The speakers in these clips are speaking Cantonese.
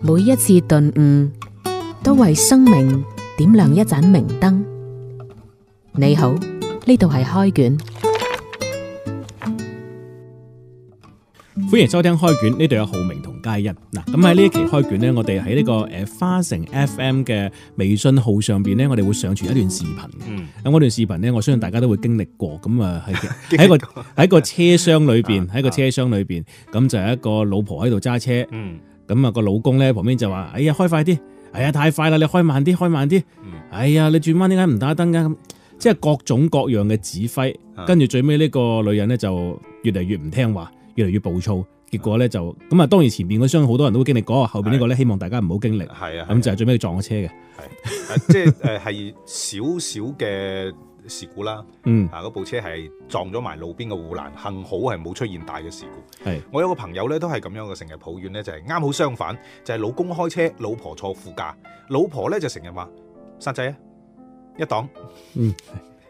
每一次頓悟，都為生命點亮一盞明燈。你好，呢度係開卷，歡迎收聽開卷。呢度有浩明同佳一。嗱，咁喺呢一期開卷呢，我哋喺呢個誒花城 FM 嘅微信號上邊呢，我哋會上傳一段視頻。咁嗰段視頻呢，我相信大家都會經歷過。咁啊，喺一個喺 過一個車廂裏邊，喺、 啊、個車廂裏邊，咁就有一個老婆喺度揸車。嗯咁啊個老公咧旁邊就話：，哎呀開快啲，哎呀太快啦，你開慢啲，開慢啲，嗯、哎呀你轉彎點解唔打燈噶咁、嗯、即係各種各樣嘅指揮，跟住、嗯、最尾呢個女人咧就越嚟越唔聽話，越嚟越暴躁，結果咧、嗯、就咁啊！當然前面嗰箱好多人都會經歷過，後邊呢個咧的希望大家唔好經歷。係啊，咁就係最尾撞咗車嘅。係，即係誒係少少嘅。事故啦，嗯啊，嗰部車係撞咗埋路邊嘅護欄，幸好係冇出現大嘅事故。係是我有個朋友咧，都係咁樣嘅，成日抱怨呢，就係、是、啱好相反，就係、是、老公開車，老婆坐副駕，老婆咧就成日話：，沙仔啊，一檔，嗯，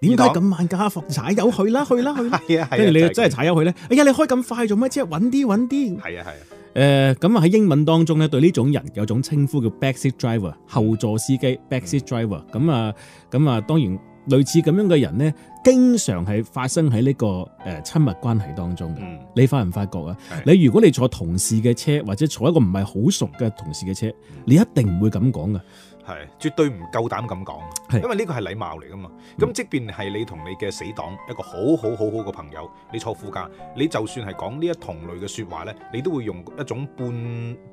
點解咁慢？家、啊、駛踩油去啦，去啦去啦，係 啊，跟住、啊、你真係踩油去咧，哎呀，你開咁快做咩啫？穩啲穩啲，係啊係啊，誒咁啊喺、呃、英文當中咧，對呢種人有種稱呼叫 back seat driver 後座司機 back seat driver，咁、嗯、啊，咁啊，當然。類似咁樣嘅人呢，經常係發生喺呢個誒親密關係當中嘅。嗯、你發唔發覺啊？是你如果你坐同事嘅車，或者坐一個唔係好熟嘅同事嘅車，嗯、你一定唔會咁講㗎。係，絕對唔夠膽咁講。是因為呢個係禮貌嚟噶嘛。咁、嗯、即便係你同你嘅死黨一個好好好好嘅朋友，你坐副駕，你就算係講呢一同類嘅説話呢，你都會用一種半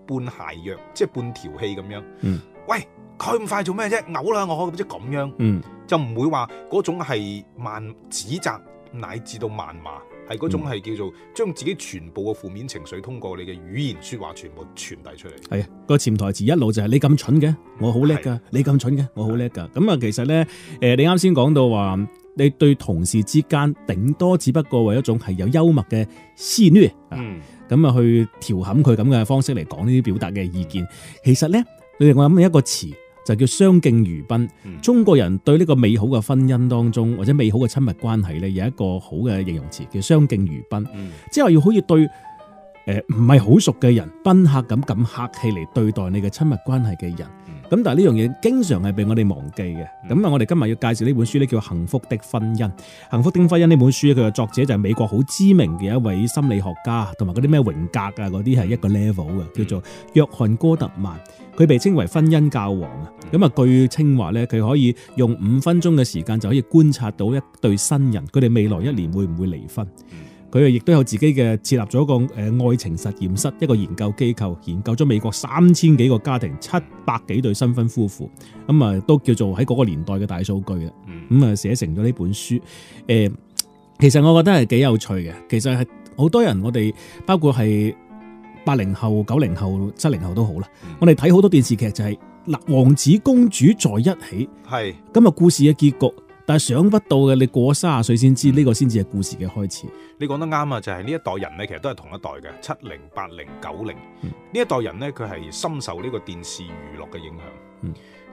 半鞋約，即係半調戲咁樣。嗯，喂。佢咁快做咩啫？嘔啦！我唔知咁樣就是慢，就唔會話嗰種係謾指責，乃至到謾罵，係嗰種係叫做將自己全部嘅負面情緒通過你嘅語言説話全部傳遞出嚟。係啊，個潛台詞一路就係、是、你咁蠢嘅，我好叻㗎；你咁蠢嘅，我好叻㗎。咁啊，其實咧，誒，你啱先講到話，你對同事之間頂多只不過為一種係有幽默嘅私語啊，咁啊去調侃佢咁嘅方式嚟講呢啲表達嘅意見。嗯、其實咧，你哋我諗一個詞。就叫相敬如賓。中國人對呢個美好嘅婚姻當中，或者美好嘅親密關係咧，有一個好嘅形容詞，叫相敬如賓。即係話要好似對誒，唔係好熟嘅人、賓客咁咁客氣嚟對待你嘅親密關係嘅人。咁但係呢樣嘢經常係被我哋忘記嘅。咁啊，我哋今日要介紹呢本書呢，叫《幸福的婚姻》。《幸福的婚姻》呢本書佢嘅作者就係美國好知名嘅一位心理學家，同埋嗰啲咩榮格啊嗰啲係一個 level 嘅，叫做約翰戈特曼。佢被稱為婚姻教皇啊。咁啊，據稱話呢，佢可以用五分鐘嘅時間就可以觀察到一對新人，佢哋未來一年會唔會離婚？佢亦都有自己嘅設立咗一個誒愛情實驗室，一個研究機構，研究咗美國三千幾個家庭、七百幾對新婚夫婦，咁啊都叫做喺嗰個年代嘅大數據啦。咁啊寫成咗呢本書，誒，其實我覺得係幾有趣嘅。其實係好多人，我哋包括係八零後、九零後、七零後都好啦。我哋睇好多電視劇就係、是、嗱，王子公主在一起，係今日故事嘅結局。但係想不到嘅，你過卅歲先知呢、嗯、個先至係故事嘅開始。你講得啱啊，就係、是、呢一代人咧，其實都係同一代嘅七零、八零、九零呢一代人咧，佢係深受呢個電視娛樂嘅影響。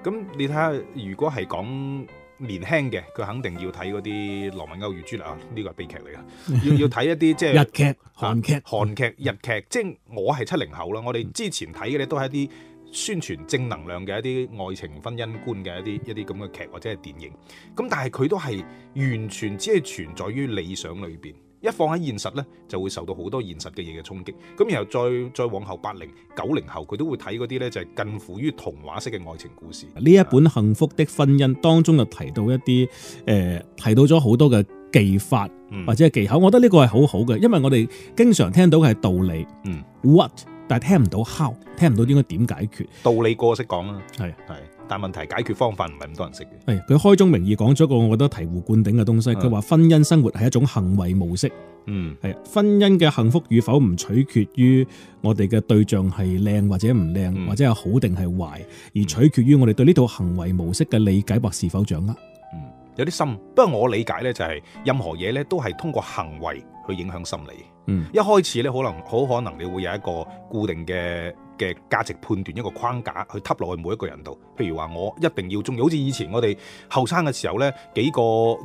咁、嗯、你睇下，如果係講年輕嘅，佢肯定要睇嗰啲《羅密歐與朱麗亞》呢、啊這個悲劇嚟嘅， 要要睇一啲即係日劇、韓劇、啊、韓劇、日劇。即係、嗯、我係七零後啦，我哋之前睇嘅咧都係一啲。宣傳正能量嘅一啲愛情婚姻觀嘅一啲一啲咁嘅劇或者係電影，咁但係佢都係完全只係存在於理想裏邊，一放喺現實呢，就會受到好多現實嘅嘢嘅衝擊。咁然後再再往後八零九零後佢都會睇嗰啲呢，就係、是、近乎於童話式嘅愛情故事。呢一本《幸福的婚姻》當中就提到一啲誒、呃，提到咗好多嘅技法或者係技巧，嗯、我覺得呢個係好好嘅，因為我哋經常聽到嘅係道理。嗯，what？但係聽唔到敲，聽唔到應該點解決？道理個識講啦，係係的，但係問題解決方法唔係咁多人識嘅。係佢開宗明義講咗個，我覺得醍醐灌頂嘅東西。佢話的婚姻生活係一種行為模式，嗯，係婚姻嘅幸福與否唔取決於我哋嘅對象係靚或者唔靚，或者係好定係壞，而取決於我哋對呢套行為模式嘅理解或是否掌握。嗯，有啲深。不過我理解咧就係、是、任何嘢咧，都係通過行為去影響心理。嗯，一開始咧，可能好可能你會有一個固定嘅嘅價值判斷，一個框架去揷落去每一個人度。譬如話，我一定要中意，好似以前我哋後生嘅時候咧，幾個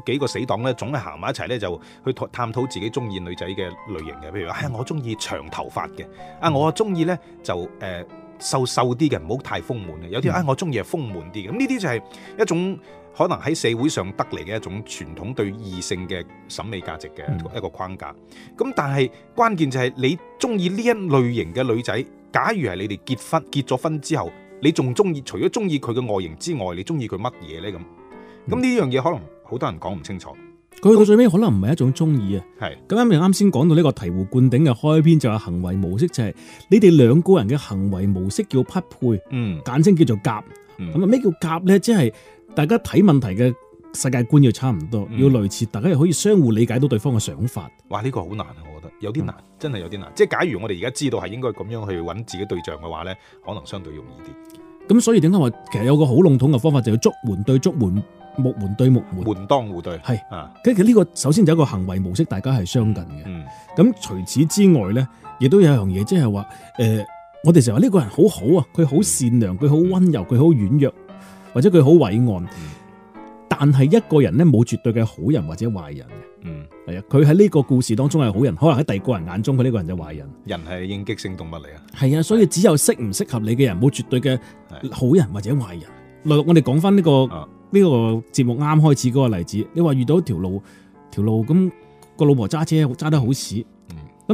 幾個死黨咧，總係行埋一齊咧，就去探探討自己中意女仔嘅類型嘅。譬如話，哎，我中意長頭髮嘅，啊，嗯，我中意咧就誒。呃瘦瘦啲嘅，唔好太豐滿嘅，有啲啊我中意豐滿啲嘅，咁呢啲、嗯、就係一種可能喺社會上得嚟嘅一種傳統對異性嘅審美價值嘅一個框架。咁、嗯、但係關鍵就係你中意呢一類型嘅女仔，假如係你哋結婚結咗婚之後，你仲中意除咗中意佢嘅外形之外，你中意佢乜嘢呢？咁咁呢樣嘢可能好多人講唔清楚。佢去到最尾可能唔係一種中意啊，咁啱啱先講到呢、這個醍醐灌頂嘅開篇，就話行為模式就係、是、你哋兩個人嘅行為模式叫匹配，嗯、簡稱叫做夾。咁啊咩叫夾咧？即係大家睇問題嘅世界觀要差唔多，嗯、要類似，大家又可以相互理解到對方嘅想法。哇！呢、這個好難、啊，我覺得有啲難，嗯、真係有啲難。即係假如我哋而家知道係應該咁樣去揾自己對象嘅話咧，可能相對容易啲。咁所以點解話其實有一個好籠統嘅方法，就係、是、捉門對捉門。木門對木門，門當戶對係，咁是、啊、其實呢個首先就係一個行為模式，大家係相近嘅。咁、嗯、除此之外咧，亦都有一樣嘢，即係話，誒、呃，我哋成日話呢個人好好啊，佢好善良，佢好溫柔，佢好軟弱，或者佢好偉岸。嗯、但係一個人咧，冇絕對嘅好人或者壞人嘅。嗯，係啊，佢喺呢個故事當中係好人，可能喺第二個人眼中，佢呢個人就壞人。人係應激性動物嚟啊，係啊，所以只有適唔適合你嘅人，冇絕對嘅好人或者壞人。嚟的，我哋講翻呢個。啊呢個節目啱開始嗰個例子，你話遇到條路條路咁、個老婆揸車揸得好屎，咁、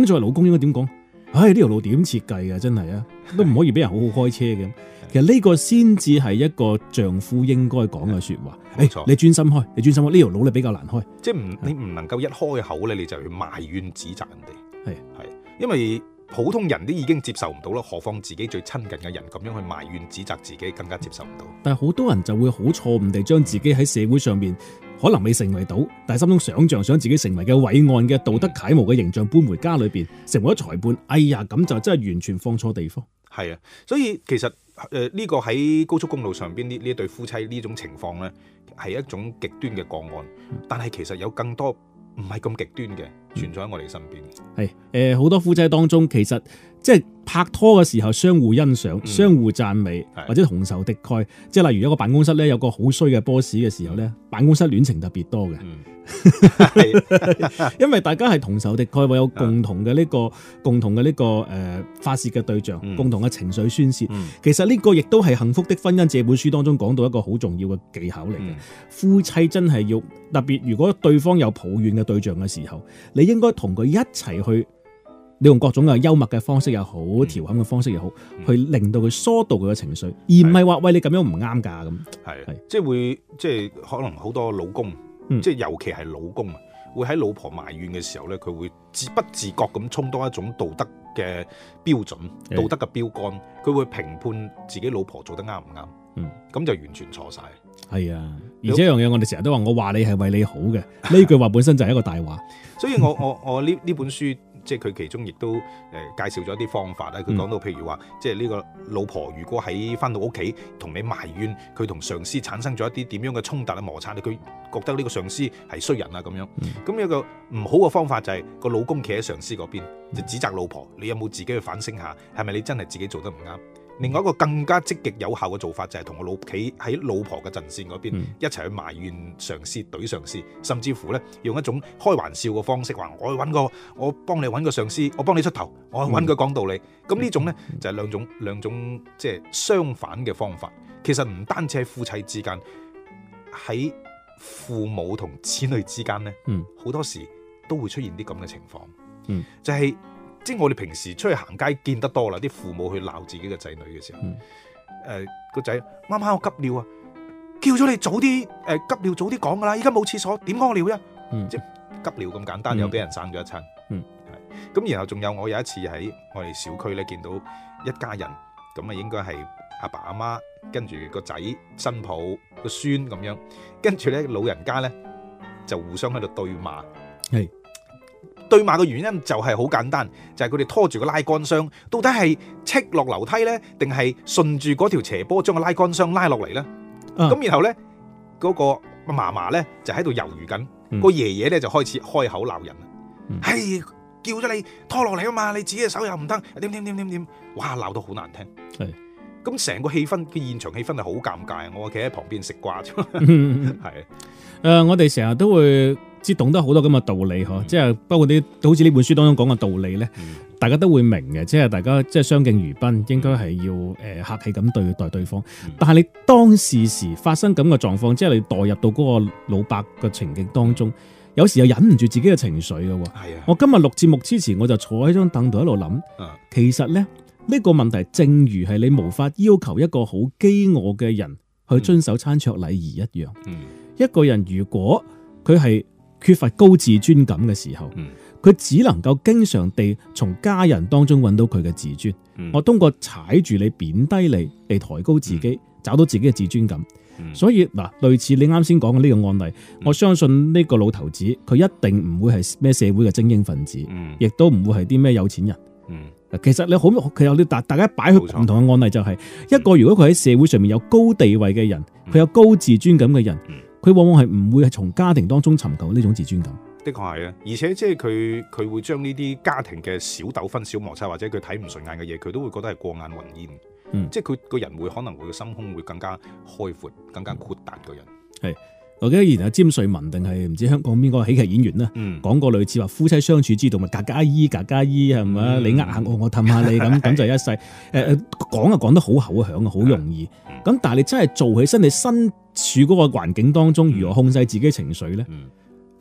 嗯、作為老公應該點講？唉、哎，呢條路點設計噶？真係啊，都唔可以俾人好好開車嘅。的其實呢個先至係一個丈夫應該講嘅說話。誒、哎，你專心開，你專心開，呢條路咧比較難開，即係唔你唔能夠一開口咧的你就去埋怨指責人哋，係係的，因為。普通人都已經接受唔到咯，何況自己最親近嘅人咁樣去埋怨指責自己，更加接受唔到。但係好多人就會好錯誤地將自己喺社會上面可能未成為到，但係心中想像想自己成為嘅偉岸嘅道德楷模嘅形象搬回家裏面，成為咗裁判。哎呀，咁就真係完全放錯地方。係啊，所以其實誒呢個喺高速公路上邊呢呢對夫妻呢種情況呢，係一種極端嘅個案，嗯、但係其實有更多。唔係咁極端嘅存在喺我哋身邊。係誒、嗯，呃、好多夫妻當中其實。即係拍拖嘅時候，相互欣賞、嗯、相互讚美，或者同仇敵愾。是的即係例如一個辦公室咧，有個好衰嘅 boss 嘅時候咧，嗯、辦公室戀情特別多嘅，因為大家係同仇敵愾，會有共同嘅呢、這個、共同嘅呢、這個誒、呃、發泄嘅對象，嗯、共同嘅情緒宣泄。嗯、其實呢個亦都係《幸福的婚姻》這本書當中講到一個好重要嘅技巧嚟嘅。嗯、夫妻真係要特別，如果對方有抱怨嘅對象嘅時候，你應該同佢一齊去。你用各種嘅幽默嘅方式又好，調侃嘅方式又好，去令到佢疏導佢嘅情緒，而唔係話喂，你咁樣唔啱㗎咁。係係，即係會即係可能好多老公，即係尤其係老公啊，會喺老婆埋怨嘅時候咧，佢會自不自覺咁充多一種道德嘅標準、道德嘅標杆，佢會評判自己老婆做得啱唔啱。嗯，咁就完全錯晒。係啊，而且一樣嘢，我哋成日都話我話你係為你好嘅，呢句話本身就係一個大話。所以我我我呢呢本書。即係佢其中亦都誒介紹咗一啲方法啦。佢講到譬如話，即係呢個老婆如果喺返到屋企同你埋怨，佢同上司產生咗一啲點樣嘅衝突啊、摩擦，你佢覺得呢個上司係衰人啦、啊、咁樣。咁一個唔好嘅方法就係個老公企喺上司嗰邊就指責老婆，你有冇自己去反省下，係咪你真係自己做得唔啱？另外一個更加積極有效嘅做法就係同我老企喺老婆嘅陣線嗰邊一齊去埋怨上司、懟上司，甚至乎咧用一種開玩笑嘅方式話：我揾個我幫你揾個上司，我幫你出頭，我揾佢講道理。咁、嗯、呢種咧、嗯、就係兩種、嗯、兩種即係、就係、相反嘅方法。其實唔單止係夫妻之間，喺父母同子女之間咧，好、嗯、多時都會出現啲咁嘅情況，就係、係。即係我哋平時出去行街見得多啦，啲父母去鬧自己嘅仔女嘅時候，誒個仔，媽媽、呃、我急尿啊，叫咗你早啲，誒、呃、急尿早啲講㗎啦，依家冇廁所，點屙尿啫？嗯、即係急尿咁簡單，又俾人生咗一餐。嗯，咁、嗯、然後仲有我有一次喺我哋小區咧見到一家人，咁啊應該係阿爸阿媽跟住個仔新抱個孫咁樣，跟住咧老人家咧就互相喺度對罵。係。對罵嘅原因就係好簡單，就係佢哋拖住個拉桿箱，到底係赤落樓梯咧，定係順住嗰條斜坡將個拉桿箱拉落嚟咧？咁、啊、然後咧，嗰、那個嫲嫲咧就喺度猶豫緊，嗯、個爺爺咧就開始開口鬧人，係、嗯哎、叫咗你拖落嚟啊嘛，你自己嘅手又唔得，點點點點點，哇，鬧到好難聽。係是，咁成個氣氛嘅現場氣氛係好尷尬。我企喺旁邊食瓜咋。係，誒，我哋成日都會。即懂得好多咁嘅道理，嗬、嗯！即係包括啲好似呢本書當中講嘅道理咧，嗯、大家都會明嘅。即、就、係、是、大家即係、就是、相敬如賓，嗯、應該係要、呃、客氣咁對待對方。嗯、但係你當事時,時發生咁嘅狀況，即、就、係、是、你代入到嗰個老伯嘅情景當中，有時又忍唔住自己嘅情緒嘅喎。啊、哎呀！我今日錄節目之前，我就坐喺張凳度一路諗，啊、其實咧呢、呢個問題，正如係你無法要求一個好飢餓嘅人去遵守餐桌禮儀一樣。嗯嗯、一個人如果佢係缺乏高自尊感嘅時候，佢只能夠經常地從家人當中揾到佢嘅自尊。我通過踩住你貶低你，嚟抬高自己，找到自己嘅自尊感。所以嗱，類似你啱先講嘅呢個案例，我相信呢個老頭子佢一定唔會係咩社會嘅精英分子，亦都唔會係啲咩有錢人。其實你好，其實你大大家擺去唔同嘅案例就係一個，如果佢喺社會上面有高地位嘅人，佢有高自尊感嘅人。佢往往係唔會係從家庭當中尋求呢種自尊感，的確係啊，而且即係佢佢會將呢啲家庭嘅小糾紛、小摩擦或者佢睇唔順眼嘅嘢，佢都會覺得係過眼雲煙，嗯，即係佢個人會可能會心胸會更加開闊、更加豁達嘅人，係、嗯。我記得以前阿詹瑞文定係唔知香港邊個喜劇演員啦，講、嗯、過類似話夫妻相處之道咪格格阿姨格格阿姨，係咪啊？你呃下我，我氹下你咁，咁、嗯、就一世。誒誒講就講得好口響，好容易。咁、嗯、但係你真係做起身，你身處嗰個環境當中，嗯、如何控制自己情緒咧？嗯、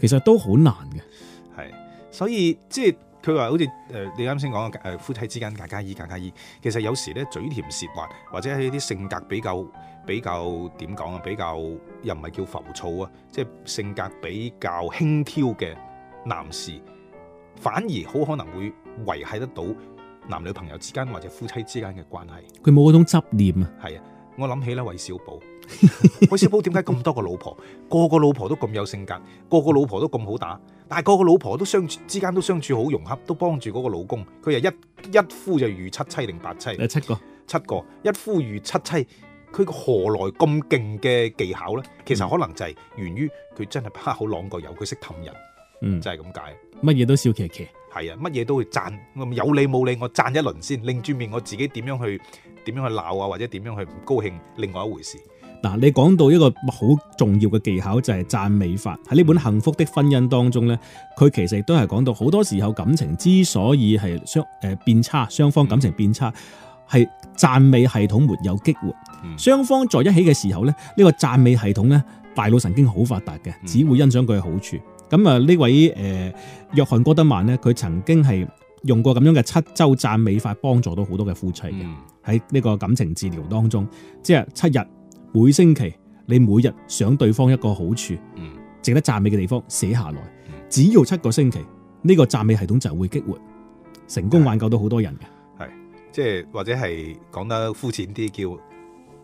其實都好難嘅。係，所以即係佢話好似誒、呃、你啱先講嘅夫妻之間格格阿姨格格阿姨，其實有時咧嘴甜舌滑，或者係啲性格比較。比較點講啊？比較又唔係叫浮躁啊，即係性格比較輕佻嘅男士，反而好可能會維繫得到男女朋友之間或者夫妻之間嘅關係。佢冇嗰種執念啊。係啊，我諗起啦，韋小寶，韋 小寶點解咁多個老婆？個個老婆都咁有性格，個個老婆都咁好打，但係個個老婆都相處之間都相處好融洽，都幫住嗰個老公。佢又一一夫就遇七妻定八妻，七個七個一夫遇七妻。佢個何來咁勁嘅技巧呢？其實可能就係源於佢真係拍好朗角有，佢識氹人，嗯，就係咁解。乜嘢都笑騎騎，係啊，乜嘢都會讚。有理冇理，我讚一輪先。擰轉面，我自己點樣去點樣去鬧啊？或者點樣去唔高興，另外一回事。嗱，你講到一個好重要嘅技巧就係、是、讚美法喺呢本《幸福的婚姻》當中呢，佢其實都係講到好多時候感情之所以係雙誒變差，雙方感情變差，嗯係讚美系統沒有激活，雙方在一起嘅時候咧，呢個讚美系統咧，大腦神經好發達嘅，只會欣賞佢嘅好處。咁啊，呢位誒約翰戈德曼咧，佢曾經係用過咁樣嘅七週讚美法，幫助到好多嘅夫妻嘅喺呢個感情治療當中，即係七日每星期，你每日想對方一個好處，值得讚美嘅地方寫下來，只要七個星期，呢個讚美系統就會激活，成功挽救到好多人嘅。即係或者係講得膚淺啲，叫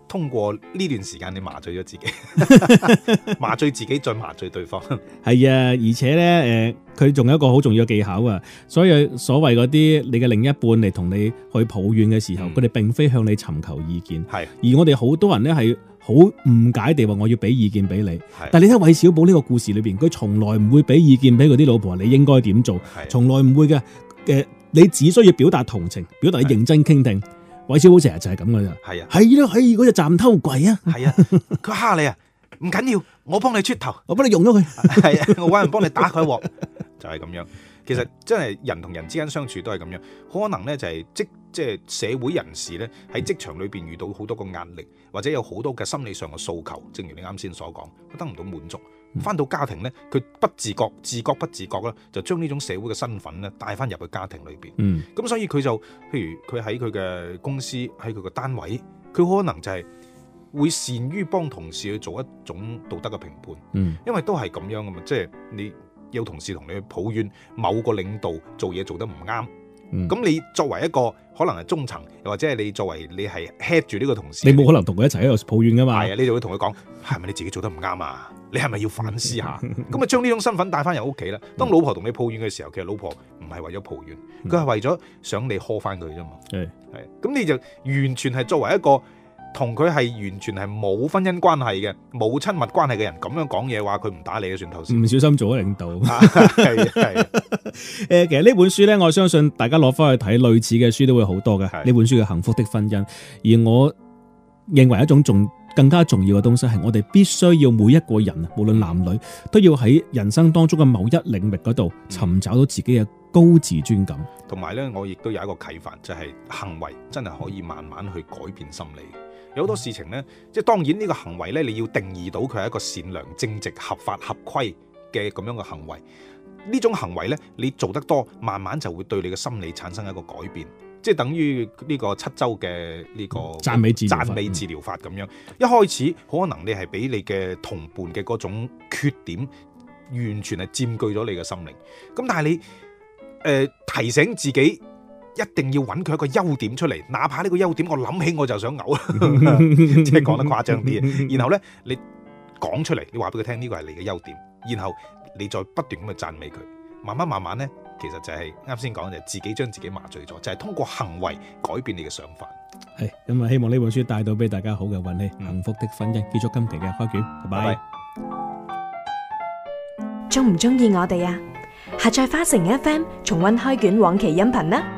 通過呢段時間你麻醉咗自己， 麻醉自己再麻醉對方。係啊，而且咧，誒、呃，佢仲有一個好重要嘅技巧啊。所以所謂嗰啲你嘅另一半嚟，同你去抱怨嘅時候，佢哋、嗯、並非向你尋求意見，係。是啊、而我哋好多人咧係好誤解地話，我要俾意見俾你。是啊、但係你睇韋小寶呢個故事裏邊，佢從來唔會俾意見俾佢啲老婆，你應該點做，從是、啊、來唔會嘅嘅。呃你只需要表達同情，表達你認真傾聽。韋小寶成日就係咁噶咋，係啊，係咯，係嗰隻站偷鬼啊，係啊，佢蝦你啊，唔緊要，我幫你出頭，我幫你用咗佢，係啊，我揾人幫你打佢鑊， 就係咁樣。其實真係人同人之間相處都係咁樣，可能咧就係即即係社會人士咧喺職場裏邊遇到好多個壓力，或者有好多嘅心理上嘅訴求，正如你啱先所講，得唔到滿足。翻到家庭咧，佢不自覺、自覺不自覺啦，就將呢種社會嘅身份咧帶翻入去家庭裏邊。咁、嗯、所以佢就，譬如佢喺佢嘅公司、喺佢嘅單位，佢可能就係會善於幫同事去做一種道德嘅評判，嗯、因為都係咁樣嘅嘛，即係，你有同事同你去抱怨某個領導做嘢做得唔啱。咁、嗯、你作為一個可能係中層，又或者你作為你係 head 住呢個同事，你冇可能同佢一齊喺度抱怨噶嘛？係啊，你就會同佢講，係咪你自己做得唔啱啊？你係咪要反思下？咁啊，將呢種身份帶翻入屋企啦。當老婆同你抱怨嘅時候，嗯、其實老婆唔係為咗抱怨，佢係、嗯、為咗想你呵翻佢啫嘛。係係，咁你就完全係作為一個。同佢係完全係冇婚姻關係嘅，冇親密關係嘅人咁樣講嘢，話佢唔打你嘅算頭先，唔小心做咗領導。係係誒， 其實呢本書咧，我相信大家攞翻去睇類似嘅書都會好多嘅。呢的本書叫《幸福的婚姻》，而我認為一種重更，更加重要嘅東西係我哋必須要每一個人啊，無論男女，都要喺人生當中嘅某一領域嗰度，尋找到自己嘅高自尊感。同埋咧，我亦都有一個啟發，就係、是、行為真係可以慢慢去改變心理。有好多事情呢，即係當然呢個行為呢，你要定義到佢係一個善良、正直、合法、合規嘅咁樣嘅行為。呢種行為呢，你做得多，慢慢就會對你嘅心理產生一個改變，即係等於呢個七週嘅呢個讚美治讚美治療法咁樣。對 一開始很可能你係俾你嘅同伴嘅嗰種缺點完全係佔據咗你嘅心靈，咁但係你誒、呃、提醒自己。一定要揾佢一個優點出嚟，哪怕呢個優點我諗起我就想嘔，即係講得誇張啲。然後咧，你講出嚟，你話俾佢聽呢個係你嘅優點，然後你再不斷咁去讚美佢，慢慢慢慢咧，其實就係啱先講，就係自己將自己麻醉咗，就係通過行為改變你嘅想法。係咁啊！希望呢本書帶到俾大家好嘅運氣、幸福的婚姻。結束今期嘅開卷，拜拜。中唔中意我哋啊？下載花城 FM 重溫開卷往期音頻呢！